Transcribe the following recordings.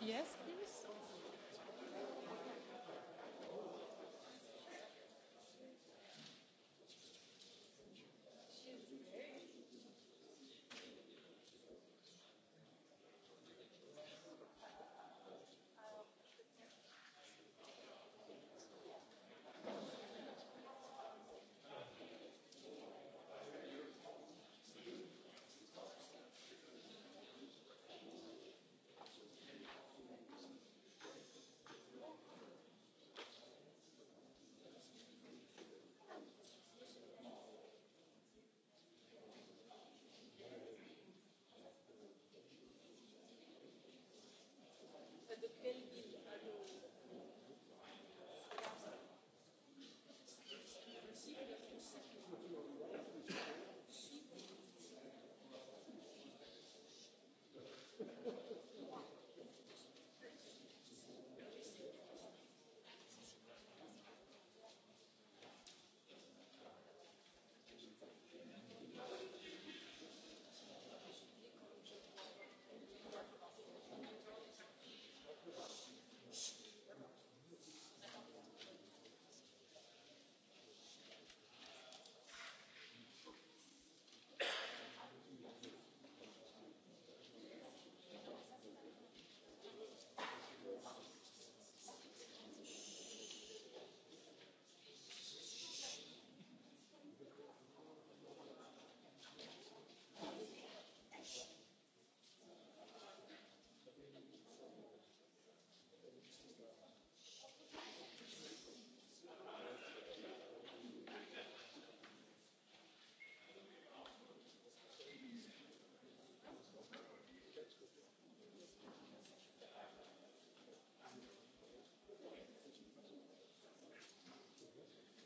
Yes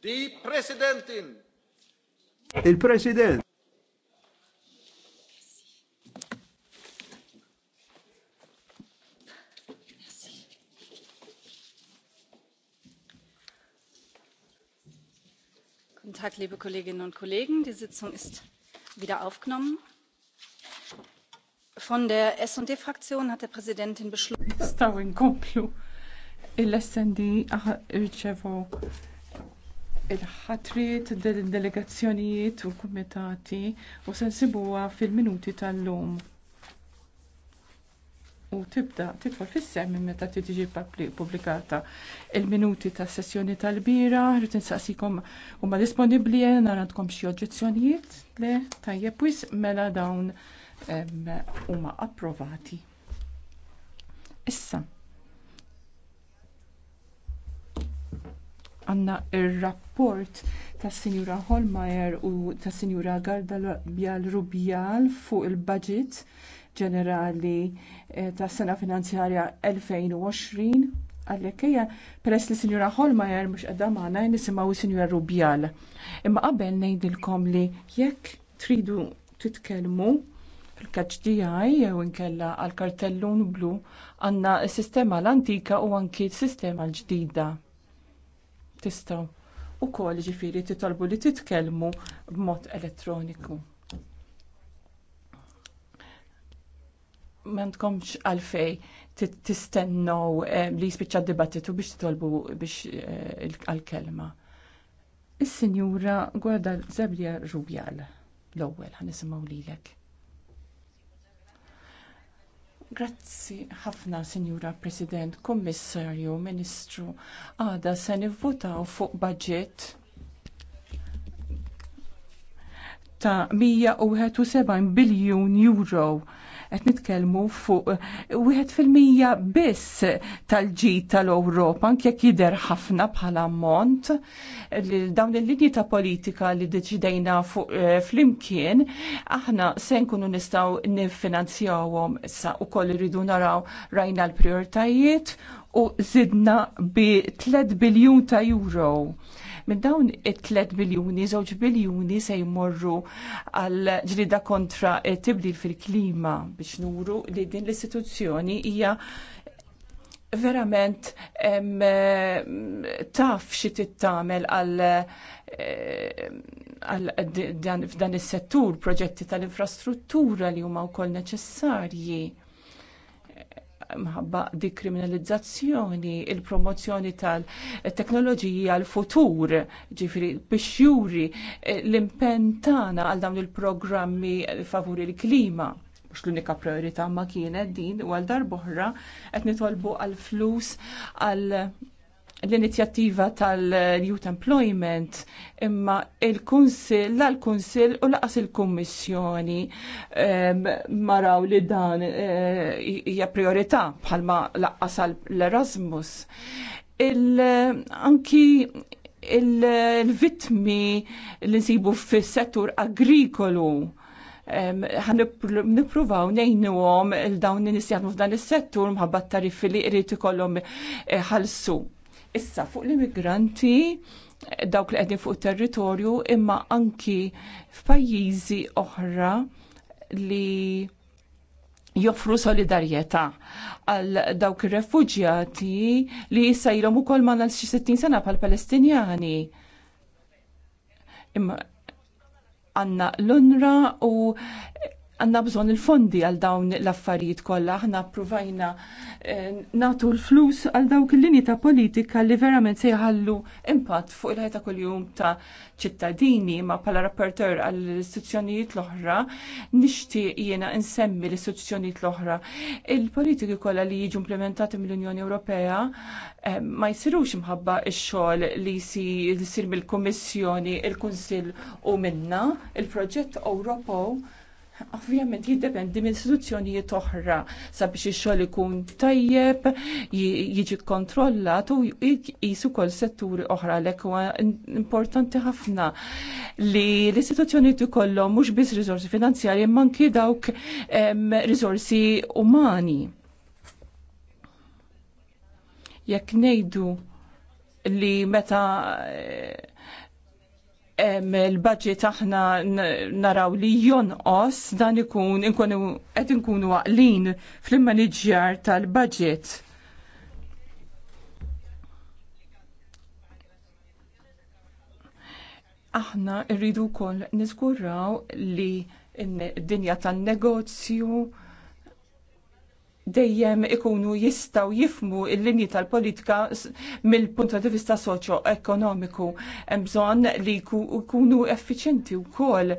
Di Presidentin. Il-President. Guten Tag, liebe Kolleginnen und Kollegen. Die Sitzung ist wieder aufgenommen. Von der S&D-Fraktion hat der Präsidentin beschlossen. in komplu. Il-SND irċevu il-ħatrit delegazzjonijiet u l-kumitati u se nsibuha fil-minuti tal-lum. U tibda titfa' fis minn meta tiġi ppubblikata il-minuti tas sessjoni tal-bira, rrid insaqsikom huma disponibbli għandkom għandkom xi oġġezzjonijiet le tajjeb wis mela dawn huma approvati. Issa. għanna il-rapport ta' Sinjura Holmeyer u ta' Sinjura Garda Bjal Rubjal fuq il-budget ġenerali eh, ta' sena finanzjarja 2020 għallek hija peress li Sinjura Holmajer mhux qiegħda magħna nisimaw Sinjura Rubjal. Imma qabel ngħidilkom li jekk tridu titkellmu fil-kaċ jew inkella għal kartellun blu għandna s-sistema l-antika u anki s-sistema l-ġdida Tistgħu wkoll ġifieri titolbu li titkellmu b'mod elettroniku. M'għandkomx għalfej tistennew eh, li jispiċċa d-dibattitu biex titolbu biex eh, għal-kelma. Is-Sinjura Gwerda Zebja Rubjal l-ewwel ħanisimgħu lilek. Grazzi ħafna, Sinjura President, Kommissarju, Ministru. Għada se nivvutaw fuq budget ta' 171 biljun euro qed nitkellmu fuq wieħed fil-mija biss tal-ġid tal-Ewropa anke jekk jidher ħafna bħala ammont dawn il-linji ta' politika li deċidejna fuq eh, flimkien aħna se nkunu nistgħu niffinanzjawhom sa wkoll irridu naraw rajna l-prijoritajiet u zidna bi 3 biljun ta' euro Minn dawn it-3 biljuni, 2 biljuni se jmorru għal ġrida kontra tibdil fil-klima biex nuru li din l-istituzzjoni hija verament taf xi tittamel għal eh, f'dan is-settur proġetti tal-infrastruttura li huma wkoll neċessarji mħabba dikriminalizzazzjoni, il-promozzjoni tal-teknoloġiji għal-futur, ġifri, biex juri eh, l-impentana għal dawn il-programmi favuri l-klima mux l-unika priorità ma kienet din u għal darboħra qed nitolbu għal flus għal l-inizjattiva tal-Youth Employment imma il-Kunsil, l-Kunsil u laqas il-Kummissjoni maraw li dan eh, hija priorità bħalma laqas l-Erasmus. Anki il-vitmi li nsibu fis-settur agrikolu ħan nipruvaw nejnu għom il-dawn nisjadmu f'dan il-settur mħabba tariffi li irrit ikollhom eh, ħalsu. Issa fuq l-immigranti dawk li qegħdin fuq territorju imma anki f'pajjiżi oħra li joffru solidarjetà għal dawk ir-refuġjati li jsajlhom ukoll ma nal 60 sena pal Palestinjani. Imma għanna l-UNRWA u għanna bżon il-fondi għal dawn l-affarijiet kollha aħna provajna eh, natu l-flus għal dawk il-linji ta' politika li verament se jħallu impatt fuq il-ħajta kuljum ta' ċittadini ma' pala rapporter għall istituzzjonijiet l-oħra nixtieq jiena insemmi l-istituzzjonijiet l-oħra. Il-politiki kollha li jiġu implementati mill-Unjoni Ewropea eh, ma jsirux imħabba x-xogħol li jsir mill-Kummissjoni, il-Kunsill u minna, il-proġett Ewropew Ovvjament jiddependi minn istituzzjonijiet oħra sabiex ix-xogħol ikun tajjeb, jiġi kontrollat u jqisu kol setturi oħra lek huwa importanti ħafna li l-istituzzjonijiet ikollhom mhux biss riżorsi finanzjarji imma anki dawk riżorsi umani. Jekk ngħidu li meta il-budget aħna naraw li jonqos dan ikun inkunu qed inkunu waqlin fl-immaniġjar tal-budget. Aħna rridu wkoll niskurraw li d-dinja tan-negozju dejjem ikunu jistaw jifmu il-linji tal-politika mill-punt di vista soċo-ekonomiku. bżonn li ikunu effiċenti u kol.